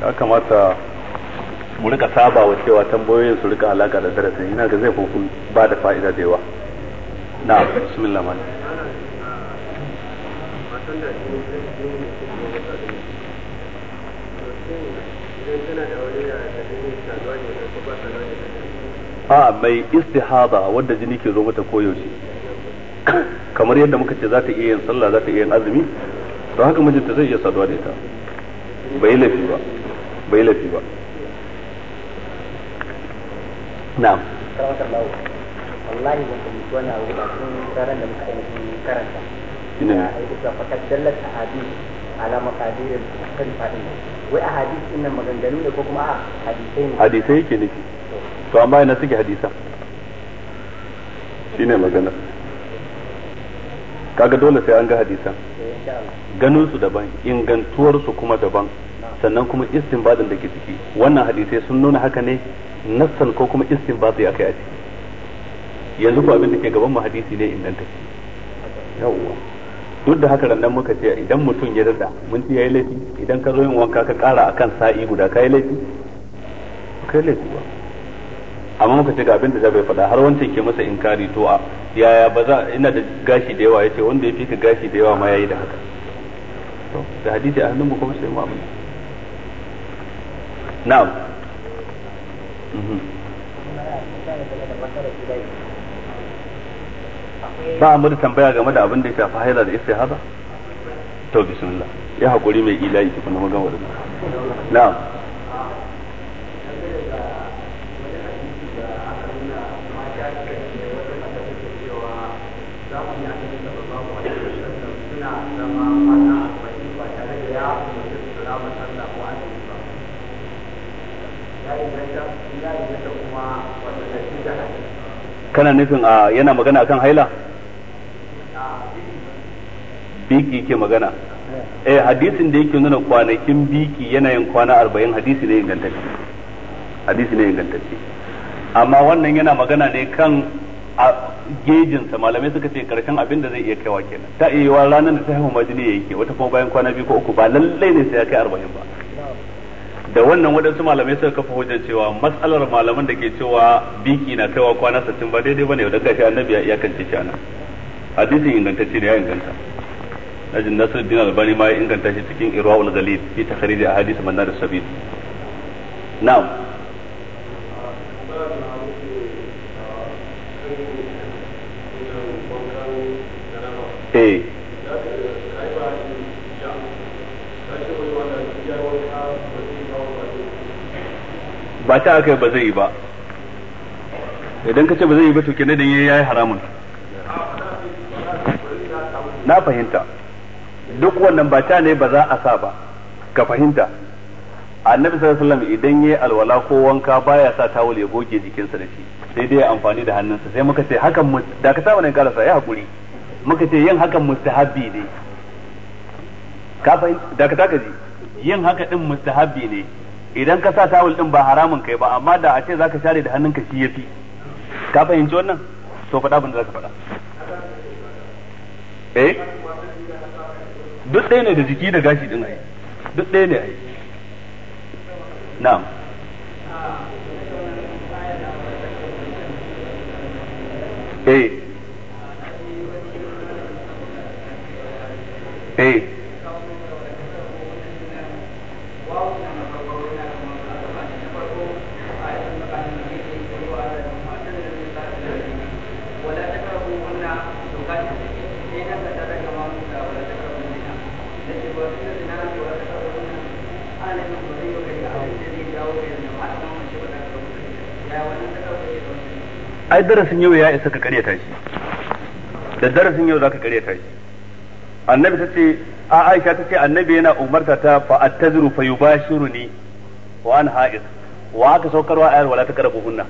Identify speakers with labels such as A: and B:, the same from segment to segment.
A: ya kamata mu rika saba wa cewa tambayoyin su rika alaka da darasin ina ga zai fuku ba da fa'ida da yawa na bismillah man a mai istihada wanda jini ke zo mata koyaushe kamar yadda muka ce za ta iya yin sallah za ta iya yin azumi to haka mijinta zai iya saduwa da ita bai lafi ba bai lafi ba na'am wallahi ban fahimci wani abu ba tun ranar da muka ainihin karanta ina aiki ta fakar dallar sahabi ala makadirin kan fadin wai a hadisi ina maganganu ne ko kuma a hadisai ne hadisai yake nufi to amma ina suke hadisan shine magana kaga dole sai an ga hadisan ganin su daban ingantuwar su kuma daban sannan kuma istinbadin da ke ciki wannan hadisai sun nuna haka ne nassan ko kuma istinbadi akai a ciki yanzu ko abin da ke gaban mu hadisi ne danta yawwa duk da haka randan muka ce idan mutum ya dada mun ce yayi laifi idan ka zo yin wanka ka kara akan sa'i guda kai laifi kai laifi ba amma muka ce ga abin da Jabir faɗa har wancan ke masa inkari to a yaya ba za ina da gashi da yawa yace wanda ya fi ka gashi da yawa ma yayi da haka to da hadisi a hannun mu kuma sai mu abin na'am mhm. ba mu da tambaya game da abin da ya shafi haila da haza to bismillah ya hakuri mai ilahi kuma na magana na'am kana nufin a ah, yana magana akan haila biki ke magana eh hadisin da yake nuna kwanakin biki yanayin kwana arba'in hadisi ne ingantacce hadisi ne ingantacce amma wannan yana magana ne kan ah, gejinsa malamai suka ce karshen abin da zai iya kaiwa kenan ta iya yiwa ranar da ta haihu majini ya yake wata kuma bayan kwana biyu ko uku ba lallai ne sai ya kai arba'in ba da wannan waɗansu malamai suka kafa hujjar cewa matsalar malaman da ke cewa biki na kaiwa kwana sittin ba daidai bane da gashi annabi ya iyakance shi anan hadisin ingantacce ne ya inganta najin nasiruddin albani ma ya inganta shi cikin irwaul galil fi takhrij ahadith manar sabil na'am eh ba ta aka ba zai yi ba idan ka ce ba zai yi ba to kenan dan yayi haramun na fahimta duk wannan ba ta ne ba za a sa ba ka fahimta annabi sallallahu alaihi wasallam idan yayi alwala ko wanka baya sa tawul ya goge jikinsa da shi sai dai ya amfani da hannunsa sai muka ce hakan da ka dakata wannan karasa ya hakuri muka ce yin hakan mustahabbi ne ka da ka taka ji yin haka din mustahabbi ne idan ka sa tawul din ba haramun kai ba amma da a ce zaka share da hannunka shi yafi ka fahimci wannan to faɗa abin da zaka faɗa eh duk ɗaya ne da jiki da gashi din ai duk ɗaya ne ai na'am eh Eh. ai darasin yau ya isa ka karyata shi da darasin yau za ka karyata shi annabi ta ce a aisha ta ce annabi yana umarta ta fa attaziru fa yubashiruni wa an ha'id wa aka wa ayar wala ta karabu hunna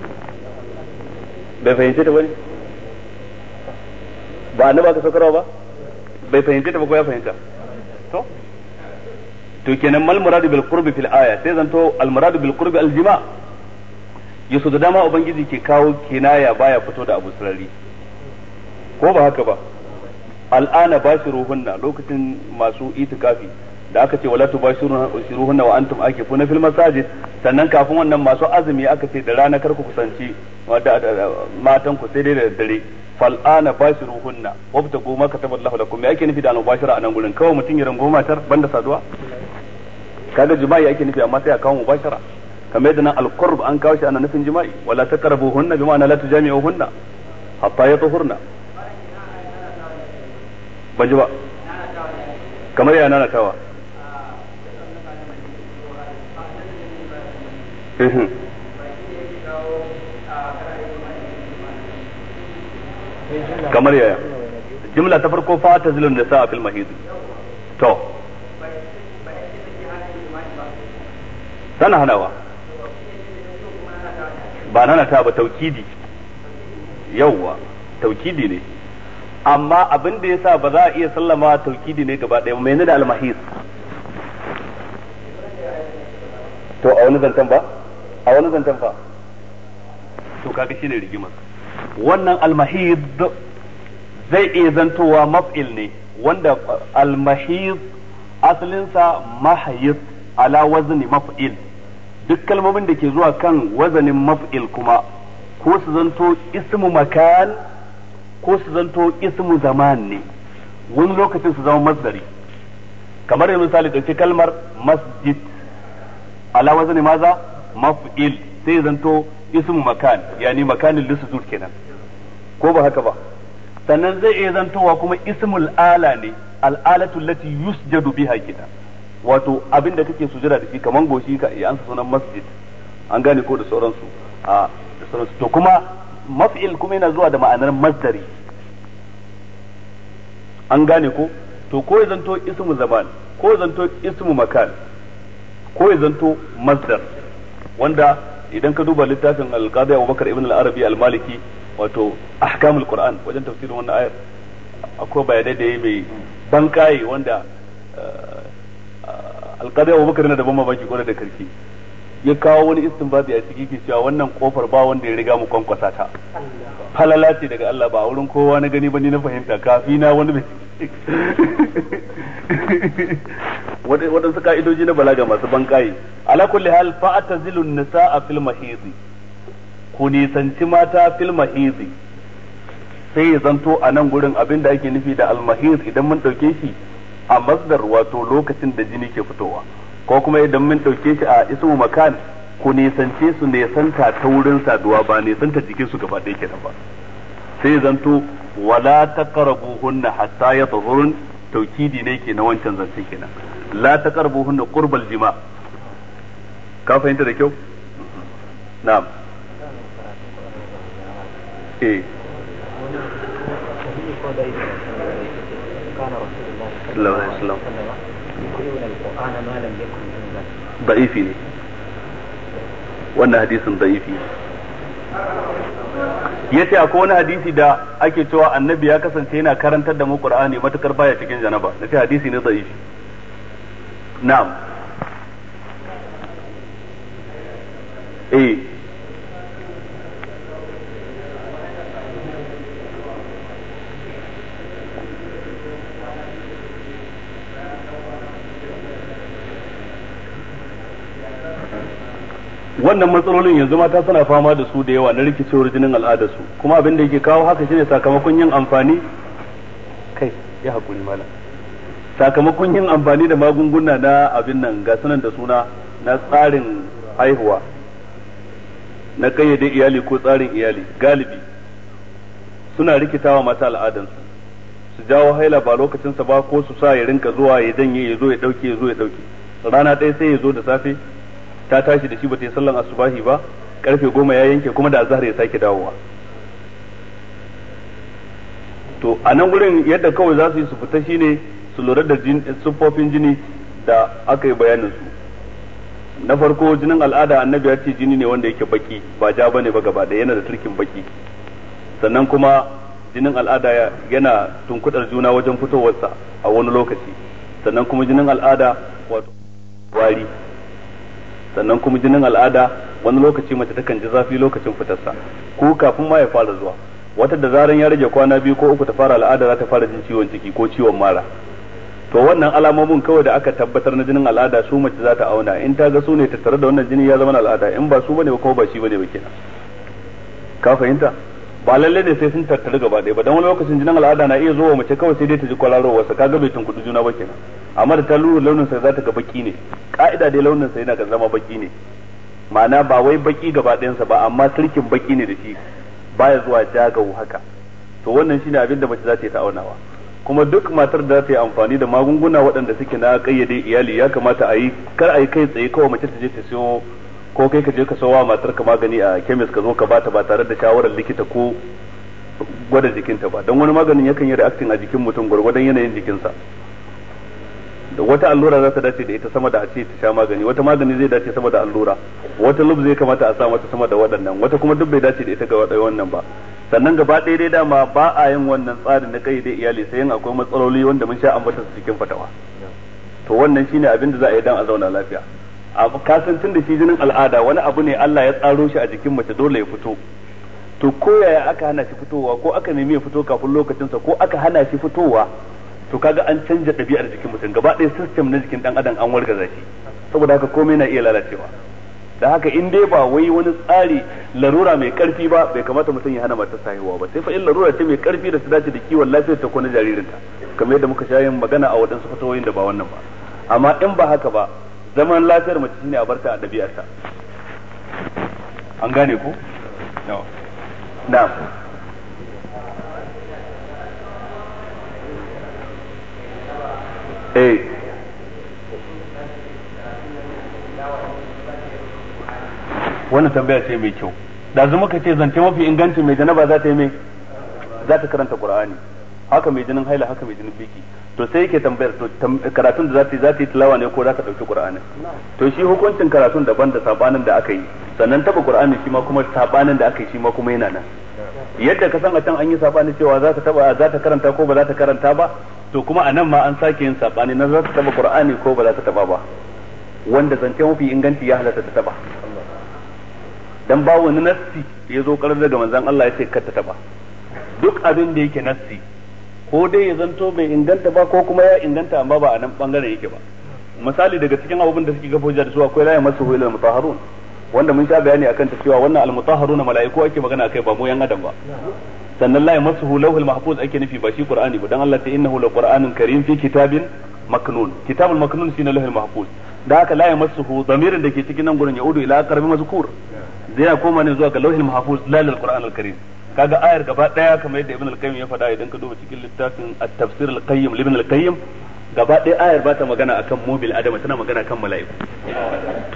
A: bai fahimce ta bane ba annabi aka wa ba bai fahimce ta ba ko ya fahimta to to kenan mal muradu bil qurbi fil aya sai zanto al muradu bil qurbi al jima yaso da dama ubangiji ke kawo kinaya baya fito da abu sarari ko ba haka ba al'ana ruhunna lokacin masu itikafi da aka ce shi ruhunna wa antum na fil masajid sannan kafin wannan masu azumi aka ce da rana kar ku kusanci matan ku sai dai da dare ruhunna wabta goma ka ma lafa da kuma ake nufi da al-mubashara a nan gurin kawai mutum ya rango matar banda saduwa kaga jima'i ake nufi amma sai a kawo mubashara kamar yadda nan al an kawo shi ana nufin jima'i wala taqrabuhunna bi ma'ana la tujami'uhunna hatta yatahurna ba ji ba kamar nana tawa kamar yaya jimla ta farko fa ta zilun da sa fil mahid to sana hanawa ba nana ta ba taukidi yauwa taukidi ne amma abin da yasa ba za a iya sallama tauhidi ne gaba ɗaya mai da almahis to a wani zantan ba a wani zantan ba to kaga shine rigima wannan almahis zai iya zantowa maf'il ne wanda almahid asalinsa mahayis ala wazni maf'il duk kalmomin da ke zuwa kan wazanin maf'il kuma ko su zanto ismu makan ko su zanto ismu zaman ne wani lokacin su zama masdari kamar yanzu misali ɗauki kalmar masjid ala wazni maza maf'il sai zanto ismu makan yani makanin lissu-lissu kenan ko ba haka ba sannan zai iya zantowa kuma ismul ala ne al'alatu lati yusjadu biha gida wato abin da kake jira da shi kaman goshi ka iya ansa sunan masjid an gane ko da sauransu a da sauransu to kuma maf'il kuma yana zuwa da ma'anar masdari an gane ko to ko ya zanto ismu zaman ko ya zanto ismu makan ko ya zanto masdar wanda idan ka duba littafin al-qadi Abubakar ibn al-Arabi al-Maliki wato ahkamul Qur'an wajen tafsirin wannan ayar akwai bayanai da yayi mai bankaye wanda eh, eh, al-qadi Abubakar yana da ban mamaki gore da karfi ya kawo wani istinbati a ciki ke cewa wannan kofar ba wanda ya riga mu kwankwasa ta falala ce daga Allah ba a wurin kowa na gani ba ni na fahimta kafi na wani mai waɗansu ka'idoji na balaga masu bankaye ala kulli hal fa nisa a fil mahizi ku nisanci mata fil mahizi sai ya zanto a nan gurin abin da ake nufi da almahiz idan mun ɗauke shi a masdar wato lokacin da jini ke fitowa ko kuma idan mun ɗauke shi a ismu makan ku nisance su ne san ta wurin saduwa ba ne nisanta jikin su gaba ɗaya kenan ba sai zanto wala hunna hatta yatahurun tawkidi ne ke na wancan zance kenan la hunna qurbal jima ka fahimta da kyau na'am eh
B: sallallahu alaihi wasallam
A: da'ifi ne wannan hadisin da'ifi ya akwai wani hadisi da ake cewa annabi ya kasance yana karantar da mu qur'ani matukar baya cikin janaba nace hadisi ne da'ifi na'am eh wannan matsalolin yanzu mata suna fama da su da yawa na rikicewar jinin al'adar su kuma abin da yake kawo haka shine sakamakon yin amfani kai ya hakuri malam sakamakon yin amfani da magunguna na abin nan ga sanan da suna na tsarin haihuwa na kayyade iyali ko tsarin iyali galibi suna rikitawa mata al'adansu su jawo haila ba lokacinsa ba ko su sa ya rinka zuwa ya janye ya zo ya dauke ya zo ya dauke rana ɗaya sai ya zo da safe ta tashi da shi ba ta yi sallan asubahi ba karfe goma ya yanke kuma da azahar ya sake dawowa to a nan gurin yadda kawai za su yi su fita shine su lura da siffofin jini da aka yi bayanin su na farko jinin al'ada annabi ya ce jini ne wanda yake baki ba ja bane ba gaba ɗaya yana da turkin baki sannan kuma jinin al'ada yana tunkudar juna wajen fitowarsa a wani lokaci sannan kuma jinin al'ada wato wari sannan kuma jinin al'ada wani lokaci mace takan ji zafi lokacin fitarsa ko kafin ma ya fara zuwa wata da zaran ya rage kwana biyu ko uku ta fara al'ada za ta fara jin ciwon ciki ko ciwon mara to wannan alamomin kawai da aka tabbatar na jinin al'ada su mace za ta auna in ta ga su ne tattare da wannan jini ya zama al'ada in ba su bane ba kuma ba shi bane ba kenan ka fahimta ba lalle ne sai sun tattaru gaba ɗaya ba don wani lokacin jinin al'ada na iya zuwa mace kawai sai dai ta ji kwararowa sa kaga bai tunkudu juna ba kenan amma da ta lura launin sa za ta ga baki ne ka'ida dai launin sa yana ga zama baki ne ma'ana ba wai baki gaba ɗayansa ba amma sirkin baki ne da shi baya zuwa jagau haka to wannan shine abin da mace za ta yi ta'aunawa kuma duk matar da ta yi amfani da magunguna waɗanda suke na kayyade iyali ya kamata a yi kar a yi kai tsaye kawai mace ta je ta siyo ko kai ka je ka sawa matar ka magani a kemis ka zo ka bata ba tare da shawarar likita ko gwada jikinta ba don wani maganin yakan yi reacting a jikin mutum gwargwadon yanayin jikinsa da wata allura za ta dace da ita sama da a ce ta sha magani wata magani zai dace sama da allura wata lub zai kamata a sa mata sama da waɗannan wata kuma duk bai dace da ita ga wannan ba sannan gaba ɗaya dai dama ba a yin wannan tsarin na kai da iyali sai yin akwai matsaloli wanda mun sha ambata su cikin fatawa to wannan shine abin da za a yi dan a zauna lafiya abu kasan tun da shi jinin al'ada wani abu ne Allah ya tsaro shi a jikin mace dole ya fito to ko yaya aka hana shi fitowa ko aka nemi ya fito kafin lokacinsa ko aka hana shi fitowa to kaga an canja ɗabi'ar jikin mutum gaba ɗaya system na jikin ɗan adam an warga shi saboda haka komai na iya lalacewa da haka in dai ba wai wani tsari larura mai karfi ba bai kamata mutum ya hana matar sahihuwa ba sai fa in larura ce mai karfi da su dace da kiwon lafiyar ta ko na jaririnta kamar yadda muka sha yin magana a waɗansu fatawoyin da ba wannan ba amma in ba haka ba zaman lafiyar mace shine a barta a ɗabi'arta an gane ko Na. eh wannan tambaya ce mai kyau da zuma muka ce zance mafi inganci mai janaba za ta yi mai za ta karanta qur'ani haka mai jinin haila haka mai jinin biki to sai yake tambayar to karatun da za ta yi za yi tilawa ne ko za ta ɗauki to shi hukuncin karatun daban da sabanin da aka yi sannan taba qur'ani shi ma kuma sabanin da aka yi shi ma kuma yana nan yadda ka san a can an yi sabani cewa za ta taba za karanta ko ba za ta karanta ba to kuma a nan ma an sake yin sabani na za ta taba qur'ani ko ba za ta taba ba wanda zance mafi inganci ya halatta ta taba dan ba wani nassi ya zo karar daga manzon Allah ya ce kar ta taba duk abin da yake nassi ko dai ya zanto bai inganta ba ko kuma ya inganta amma ba a nan bangaren yake ba misali daga cikin abubuwan da suke gafoja da su akwai la yamassuhu illa mutahharun wanda mun sha bayani akan ta cewa wannan almutahharuna mala'iku ake magana akai ba mu yan adam ba sannan la yamassuhu lawhul mahfuz ake nufi ba shi qur'ani ba dan Allah ta innahu laqur'anun karim fi kitabin maknun kitabul maknun shine lawhul mahfuz da haka la yamassuhu damirin da ke cikin nan gurin udu ila qarbi mazkur zai koma ne zuwa ga lawhul mahfuz la lil karim kaga ayar gaba daya kamar yadda ibn al-qayyim ya faɗa idan ka duba cikin littafin at-tafsir al-qayyim ibn al-qayyim gaba ɗaya ayar ba ta magana akan mobil adama tana magana kan mala'iku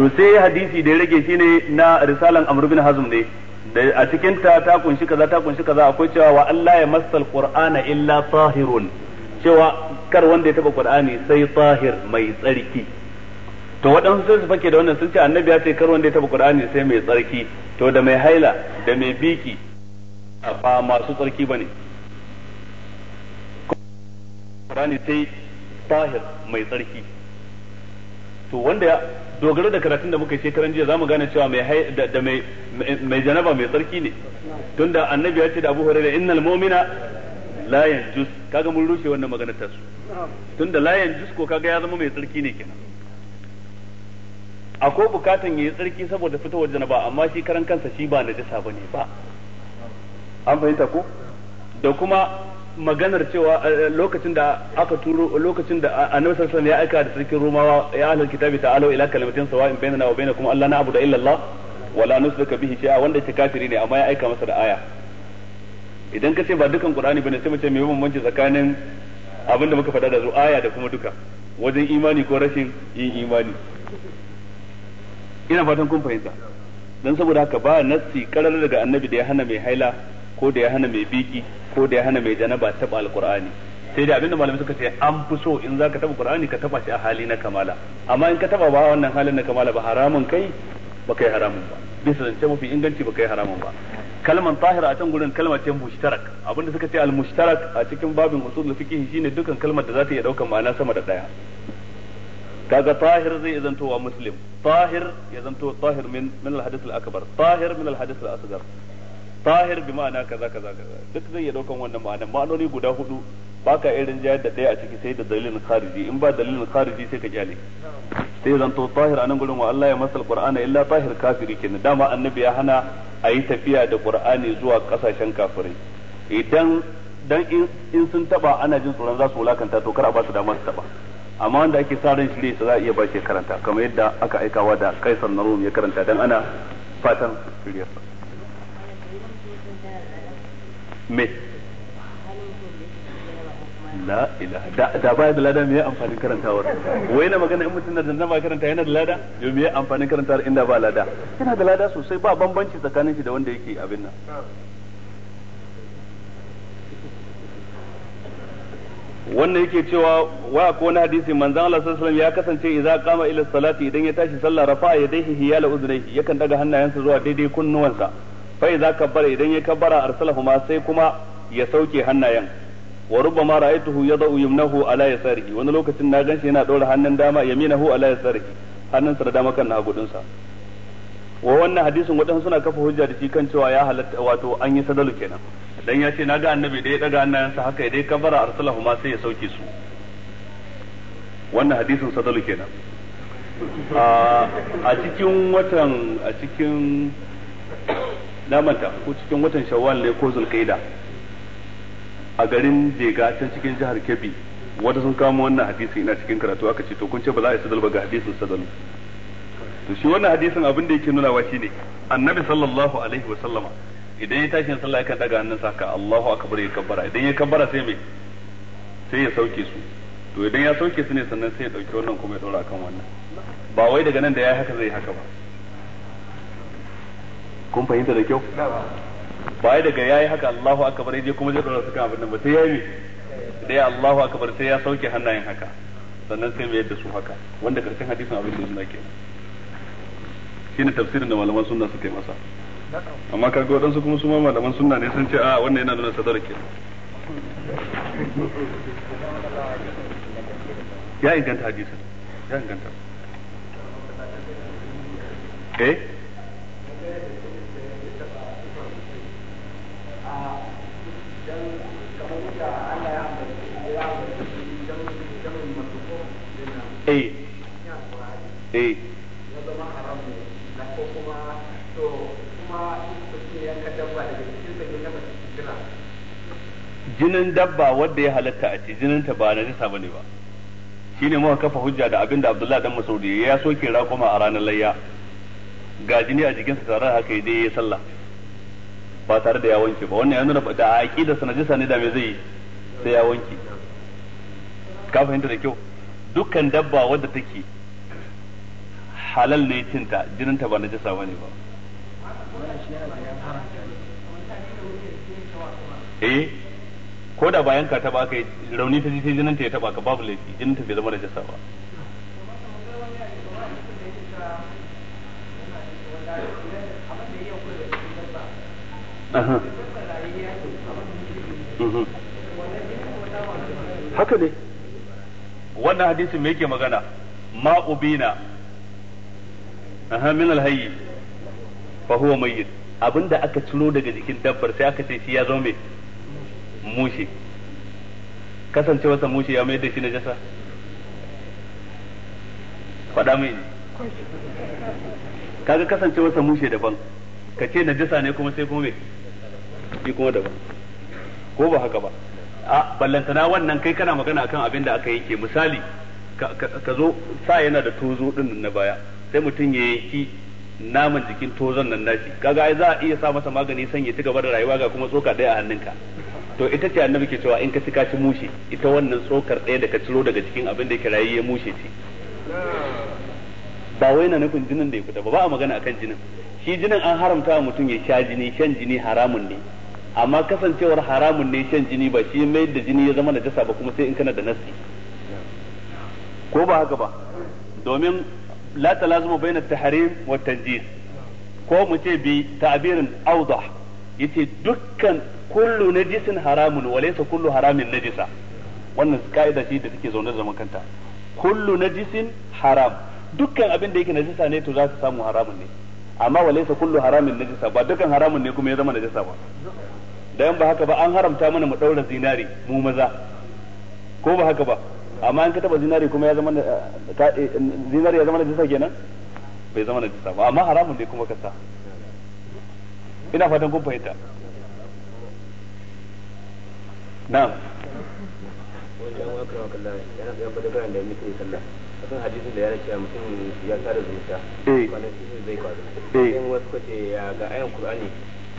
A: to sai hadisi da ya rage shine na risalan amr bin hazm ne da a cikin ta ta kunshi kaza ta kunshi kaza akwai cewa wa Allah ya massal qur'ana illa tahirun cewa kar wanda ya taba qur'ani sai tahir mai tsarki to waɗansu sai su fake da wannan sun ce annabi ya ce kar wanda ya taba qur'ani sai mai tsarki to da mai haila da mai biki ba masu tsarki ba bane Qur'ani sai tahir mai tsarki to wanda ya dogara da karatun da muka yi shekaran jiya zamu gane cewa mai da mai mai janaba mai tsarki ne tunda annabi ya ce da Abu Hurairah innal mu'mina la yanjus kaga mun rushe wannan maganar ta su tunda la yanjus ko kaga ya zama mai tsarki ne kenan akwai bukatan yayi tsarki saboda fitowar janaba amma shi karan kansa shi ba najasa bane ba an fahimta ko da kuma maganar cewa eh, eh, lokacin da aka turo lokacin da annabi sallallahu alaihi ya aika da sarkin rumawa ya ahlul kitabi ta'alu ila kalimatin sawa'in bainana wa bainakum alla na'budu illa Allah wa la nusrika bihi shay'a wanda yake kafiri ne amma ya aika masa da aya idan ka ce ba dukan qur'ani bane sai mu ce me bambanci tsakanin abin da muka faɗa da zu aya da kuma duka wajen imani ko rashin yin imani ina fatan kun fahimta dan saboda haka ba nassi karar daga annabi da ya hana mai haila ko da ya hana mai biki ko da ya hana mai janaba taba alqur'ani sai da abinda malamai suka ce an fi so in zaka taba qur'ani ka taba shi a hali na kamala amma in ka taba ba wannan halin na kamala ba haramun kai ba kai haramun ba bisa zance mafi inganci ba kai haramun ba Kalmar tahira a can gurin kalma ce mushtarak abinda suka ce al mushtarak a cikin babin usul fiqh shine dukkan kalmar da za ta iya daukan ma'ana sama da daya kaga tahir zai to wa muslim tahir ya zanto tahir min min al hadith al akbar tahir min al hadith al asghar tahir bi ma'ana kaza kaza kaza duk zai iya daukan wannan ma'ana ma'anoni guda hudu baka irin jayar da ɗaya a ciki sai da dalilin khariji in ba dalilin khariji sai ka kyale sai zan to tahir anan gurin wa Allah ya masal qur'ana illa tahir kafiri kenan dama annabi ya hana a yi tafiya da qur'ani zuwa kasashen kafirai idan dan in sun taba ana jin tsoron za su wulakanta to kar a ba su dama su taba amma wanda ake sa ran ne su za a iya ba shi karanta kamar yadda aka aikawa da kaisar na ya karanta dan ana fatan shiryarsa me la ilaha da baya da lada me ya amfanin karantawar wai na magana in mutum na da ba karanta yana da lada yo me ya amfanin karantawar inda ba lada yana da lada sosai ba bambanci tsakanin shi da wanda yake abin nan wannan yake cewa wa ko na hadisi manzon Allah sallallahu alaihi ya kasance idza qama ila salati idan ya tashi sallah rafa yadayhi hiyala uzunayhi yakan daga hannayensa zuwa daidai kunnuwansa za ka kabbara idan ya kabbara ma sai kuma ya sauke hannayen wa rubbama ra'aytuhu yad'u yumnahu ala yasarihi wani lokacin na ganshi yana daura hannun dama yaminahu ala yasarihi sa da dama kan na sa wa wannan hadisin wadansu suna kafa hujja da shi kan cewa ya halatta wato an yi sadalu kenan dan ya ce naga annabi da ya daga sa haka idan kabara ma sai ya sauke su wannan hadisin sadalu kenan a cikin watan a cikin na manta ko cikin watan shawwal ne ko zulkaida a garin Jega ta cikin jihar Kebbi wata sun kama wannan hadisi ina cikin karatu aka ce to kun ce ba za a yi sadal ba ga hadisin sadal to shi wannan hadisin abin da yake nunawa shine annabi sallallahu alaihi wa sallama idan ya tashi sallah yakan daga hannunsa ka Allahu akbar ya kabbara idan ya kabbara sai me sai ya sauke su to idan ya sauke su ne sannan sai ya dauki wannan kuma ya daura akan wannan ba wai daga nan da ya haka zai haka ba kun fahimta da kyau ba daga yayi haka Allahu akbar je kuma zai dora suka abin nan ba sai yayi dai Allahu akbar sai ya sauke hannayen haka sannan sai mai yadda su haka wanda karshen hadisin abin da suna kenan shine tafsirin da malaman sunna suka yi masa amma kaga waɗansu kuma su ma malaman sunna ne sun ce a wannan yana nuna sadar ke ya inganta hadisin ya inganta eh Eh. Eh. jinin dabba wadda ya halatta a ce jinin ta ba na jisa ne ba Shi shine muka kafa hujja da abinda Abdullahi dan Masaudi ya soke rakuma a ranar layya ga jini a jikinsa tare da haka ya je ya sallah ba tare da ya wanke ba wannan ya nuna da aqida sanajisa ne da me zai sai ya wanke ka fahimta da kyau dukkan dabba wadda take halal ne cinta jininta ba najisa bane ba eh ko da bayan ka taba kai rauni ta ji sai jinin ta ya taba ka babu laifi jinin ta bai zama najasa ba Mhm. haka ne wannan hadisin me yake magana ma ubina aha min alhayy fa huwa mayyit abinda aka ciro daga jikin dabbar sai aka ce shi ya zama me mushi sa mushi ya mayar da shi najasa faɗa mai kaga sa mushi daban ka ce najasa ne kuma sai kuma me shi kuma daban ko ba haka ba a ballantana wannan kai kana magana akan abin da aka yanke misali ka zo sa yana da tozo din na baya sai mutum ya yanki naman jikin tozon nan nashi kaga ai za a iya sa masa magani san ya ci gaba da rayuwa ga kuma tsoka ɗaya a hannunka to ita ce annabi ke cewa in ka ci ka ci mushe ita wannan tsokar ɗaya da ka ciro daga cikin abin da yake rayi ya mushe ce ba wai na nufin jinin da ya fita ba ba a magana akan jinin shi jinin an haramta mutum ya sha jini shan jini haramun ne amma kasancewar haramun ne shan jini ba shi mai da jini ya zama najasa ba kuma sai in kana da nasi ko ba haka ba domin la talazuma bainat tahrim wa tanjis ko mu ce bi ta'birin awdah yace dukkan kullu najisin haramun wa laysa kullu haramin najisa wannan kaida ce da take zaune zaman kanta kullu najisin haram dukkan abin da yake najisa ne to za ka samu haramun ne amma wa laysa kullu haramin najisa ba dukkan haramun ne kuma ya zama najisa ba yan ba haka ba an haramta mana mu daura zinari mu maza ko ba haka ba amma an ka taba zinari kuma ya zama eh, eh, zinari ya zama na jisa kenan bai zama na jisa ba amma haramun ne kuma ka sa ina fatan kun fahimta na'am wajen wakar da yana tsaye kwa dukkan da ya mutu sallah akan eh. hadisin da ya race mutum ya tsara zuciya kwanan zai kwazo sai wasu kwace ya ga ayan kur'ani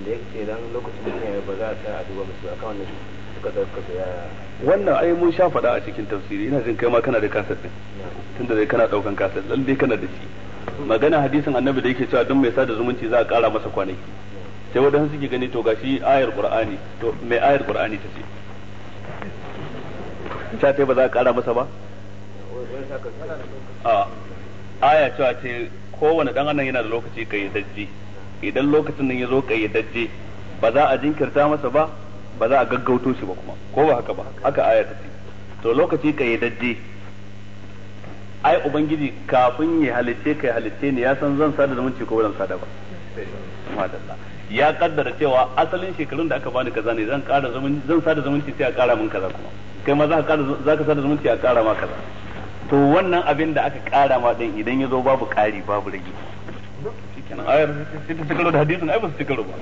A: da yake dan lokacin da ba za a tsaya a duba musu akan wannan suka dauka da wannan ai mun sha faɗa a cikin tafsiri ina jin kai ma kana da kasar din tunda dai kana daukan kasar lalle kana da shi magana hadisin annabi da yake cewa don mai sada zumunci za a ƙara masa kwanaki sai wadansu suke gani to gashi ayar qur'ani to mai ayar qur'ani ta ce ta ta ba za a ƙara masa ba a aya cewa ce kowane dan annan yana da lokaci dajji idan lokacin nan ya zo kayyadajje ba za a jinkirta masa ba ba za a gaggauto shi ba kuma ko ba haka ba haka aya ta ce to lokaci kayyadajje ai ubangiji kafin ya halitte kai ya halitte ne ya san zan sada zumunci ko zan sada ba ya kaddara cewa asalin shekarun da aka bani kaza ne zan kara zumunci zan sada zumunci sai a kara min kaza kuma kai ma za ka sada zumunci a kara ma kaza to wannan abin da aka kara ma din idan ya zo babu kari babu rage kenan ayar sai ta cikaro da hadisin ai ba su cikaro ba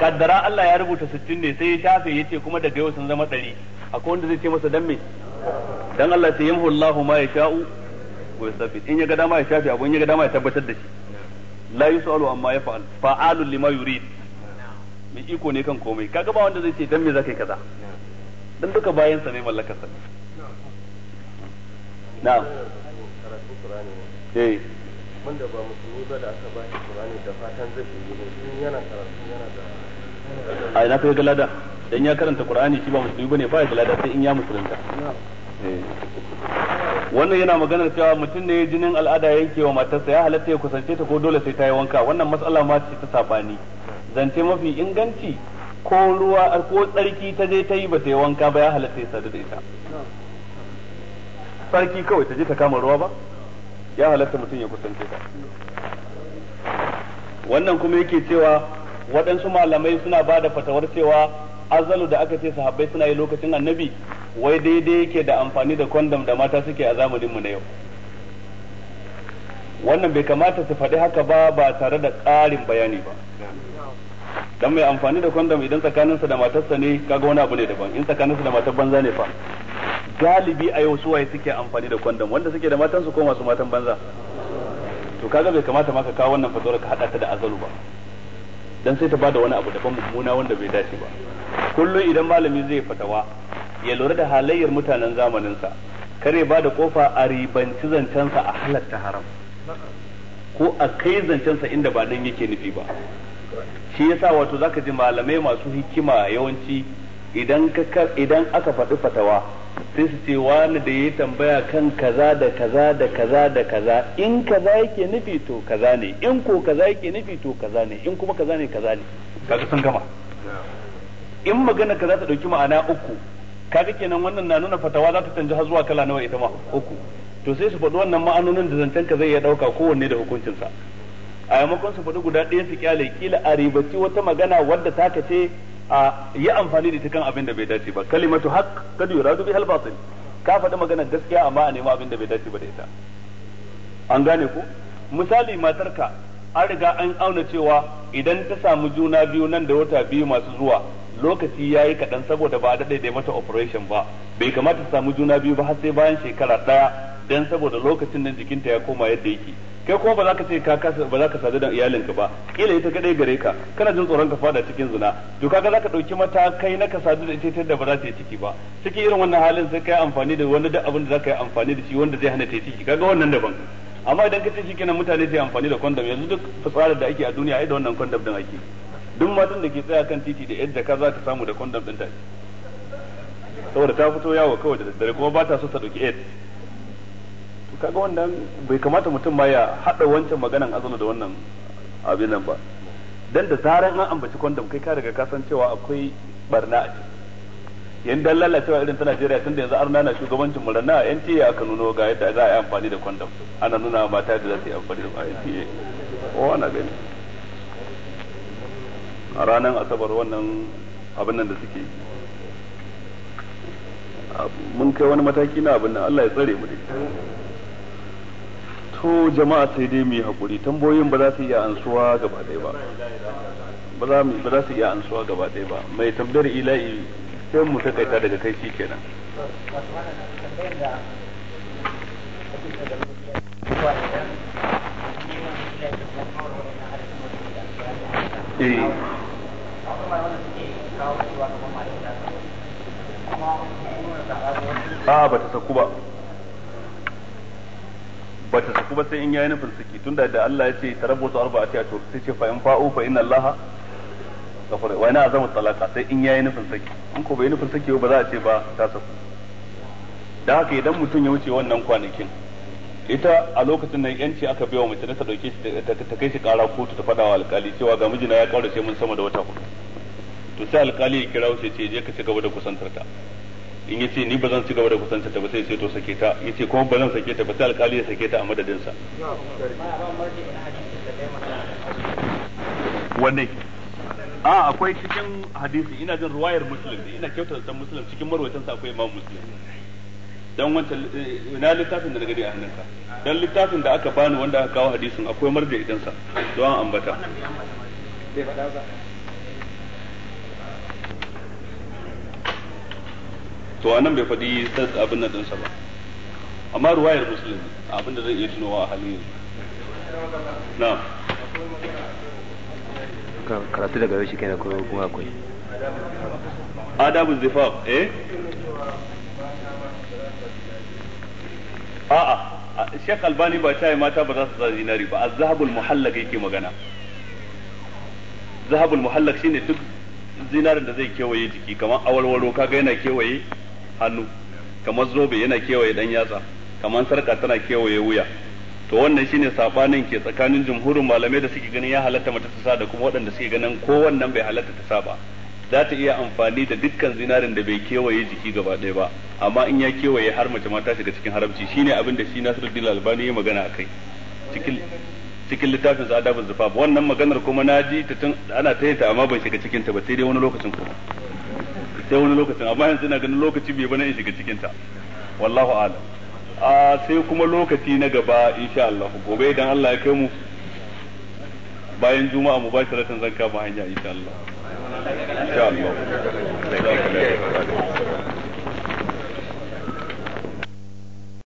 A: kaddara Allah ya rubuta 60 ne sai ya shafe yace kuma daga yau sun zama 100 akwai wanda zai ce masa dan me dan Allah sai yamhu Allahu ma yasha'u wa yuthabbit in ya ga dama ya shafe abun ya ga dama ya tabbatar da shi la yusalu amma ya fa'al fa'alu lima yurid mai iko ne kan komai kaga ba wanda zai ce dan me zakai kaza dan duka bayan sa ne mallakar sa
B: na'am eh wanda ba musulmi ba da aka ba Qur'ani da fatan zai yi ne yana karatu yana
A: da a ina kai ga lada dan ya karanta Qur'ani shi ba musulmi bane ba ya lada sai in ya musulunta eh. wannan yana maganar cewa mutum ne jinin al'ada yankewa wa matarsa ya halatta ya kusance ta ko dole sai ta yi wanka wannan matsala ma ce ta sabani zance mafi inganci ko ruwa ko tsarki ta je ta yi ba ta yi wanka ba ya halatta ya sadu da ita tsarki kawai ta je ta kama ruwa ba ya halatta mutum ya kusance ta wannan kuma yake cewa waɗansu malamai suna ba da fatawar cewa azalu da aka ce sahabbai suna yi lokacin annabi wai daidai yake da amfani da kwandam da mata suke a zamaninmu na yau wannan bai kamata su faɗi haka ba ba tare da ƙarin bayani ba dan mai amfani da kwandam idan tsakaninsa da matarsa ne kaga wani abu ne daban in tsakaninsa da matar banza ne fa galibi a yau suwaye suke amfani da kwandam wanda suke da matansu ko masu matan banza to kaga bai kamata ma ka kawo wannan fatawar ka hada ta da azalu ba dan sai ta bada wani abu daban mummuna wanda bai dace ba kullum idan malami zai fatawa ya lura da halayyar mutanen zamanin sa kare ba da kofa a ribanci zancensa a halatta haram ko a kai zancensa inda ba nan yake nufi ba shi yasa wato zaka ji malamai masu hikima yawanci idan ka idan aka faɗi fatawa sai su ce wani da ya tambaya kan kaza da kaza da kaza da kaza in kaza yake nufi to kaza ne in ko kaza yake nufi to kaza ne in kuma kaza ne kaza ne kaga sun gama in magana kaza ta dauki ma'ana uku kaga kenan wannan na nuna fatawa za ta canji har zuwa kala nawa ita ma uku to sai su faɗi wannan ma'anonin da zancen ka zai iya ɗauka kowanne da hukuncinsa a yamakon su faɗi guda ɗaya su kyale kila a ribaci wata magana wadda ta kace. a yi amfani da ita kan abin da bai dace ba kalimatu haqq kad yuradu bihal batil ka faɗi maganar gaskiya amma a nemi abin da bai dace ba da ita an gane ko misali matarka an riga an auna cewa idan ta samu juna biyu nan da wata biyu masu zuwa lokaci ya yi kaɗan saboda ba a daɗe da mata operation ba bai kamata ta samu juna biyu ba har sai bayan shekara ɗaya dan saboda lokacin nan jikinta ya koma yadda yake kai kuma ba za ka ce ka kasa ba za ka sadu da iyalinka ba kila ita kadai gare ka kana jin tsoron ka fada cikin zina to kaga za ka dauki kai na ka sadu da ita ta da ba za ta yi ciki ba cikin irin wannan halin sai kai amfani da wani duk abin da za ka yi amfani da shi wanda zai hana ta yi ciki kaga wannan daban amma idan ka ce shi kenan mutane sai amfani da kondom yanzu duk fitsarar da ake a duniya ai da wannan kondom din ake duk matan da ke tsaya kan titi da yadda ka za ta samu da kondom din ta saboda ta fito yawo kawai da daddare kuma ba ta so ta dauki aids kaga wannan bai kamata mutum ma ya hada wancan maganan azumi da wannan abin nan ba dan da zaran an ambaci kondom kai ka riga ka san cewa akwai barna a ciki yan dan lalacewa irin ta Najeriya tun da yanzu arna na shugabancin muranna a NTA aka nuno ga yadda za a yi amfani da kondom ana nuna mata da za su yi amfani da NTA o ana gani a ranar asabar wannan abin nan da suke mun kai wani mataki na abin nan Allah ya tsare mu dai to jama'a sai dai mu yi hakuri tambayoyin ba za su iya ansuwa gaba ɗaya ba ba za su iya ansuwa gaba ɗaya ba mai tambayar ila'i sai mu takaita daga kai shi kenan
B: eh a ah,
A: ba ta saku ba ba ta saku ba sai in yayi nufin saki tunda da Allah ya ce arba'a ta to sai ce fa in fa'u fa inna Allah kafara wa ina azamu talaka sai in yayi nufin saki in ko bai nufin saki ba za a ce ba ta saku dan haka idan mutum ya wuce wannan kwanakin ita a lokacin nan yanci aka bai wa mace ta dauke shi ta kai shi kara kotu ta fada wa alkali cewa ga mijina ya kaurace mun sama da wata hudu to sai alkali ya kira wuce ce je ka ci gaba da kusantar ta in yace ni ba zan ci gaba da kusanta ta ba sai sai to sake ta yace kuma ba zan sake ta ba sai alƙali ya sake ta a madadin sa wanne a ah, akwai cikin hadisi ina jin ruwayar muslim da ina kyautar da muslim cikin marwatan sa akwai imam muslim dan wancan eh, na littafin da na gani a ka dan littafin da aka bani wanda aka kawo hadisin akwai marja idan sa don ambata bai faɗa ba to nan bai faɗi abin nan ɗinsa ba amma ruwayar muslim abin da zai iya tunowa a halin yanzu na karatu daga yau shi kai ko kuma akwai Adamu zifaf eh a'a Sheikh Albani ba ta yi mata ba za su zazi zinari ba a zahabul muhallaka yake magana zahabul muhallaq shine duk zinarin da zai kewaye jiki kamar awalwalo kaga yana kewaye hannu kamar zobe yana kewaye dan yatsa kamar sarka tana kewaye wuya to wannan shine sabanin ke tsakanin jumhurin malamai da suke ganin ya halatta mata ta sa da kuma waɗanda suke ganin ko wannan bai halatta ta sa ba za ta iya amfani da dukkan zinarin da bai kewaye jiki gaba ɗaya ba amma in ya kewaye har mace ma ta shiga cikin haramci shine abin da shi Nasiruddin Albani ya magana akai cikin cikin littafin sa adabul zufaf wannan maganar kuma na ji ta tun ana ta ta amma ban shiga cikin ta ba sai dai wani lokacin kuma sai wani lokacin amma yanzu ina ganin lokaci bai bane in shiga cikin ta wallahu a'lam a sai kuma lokaci na gaba insha Allah gobe idan Allah ya kai mu bayan juma'a mu bashi ratan zan kama hanya insha Allah
B: insha Allah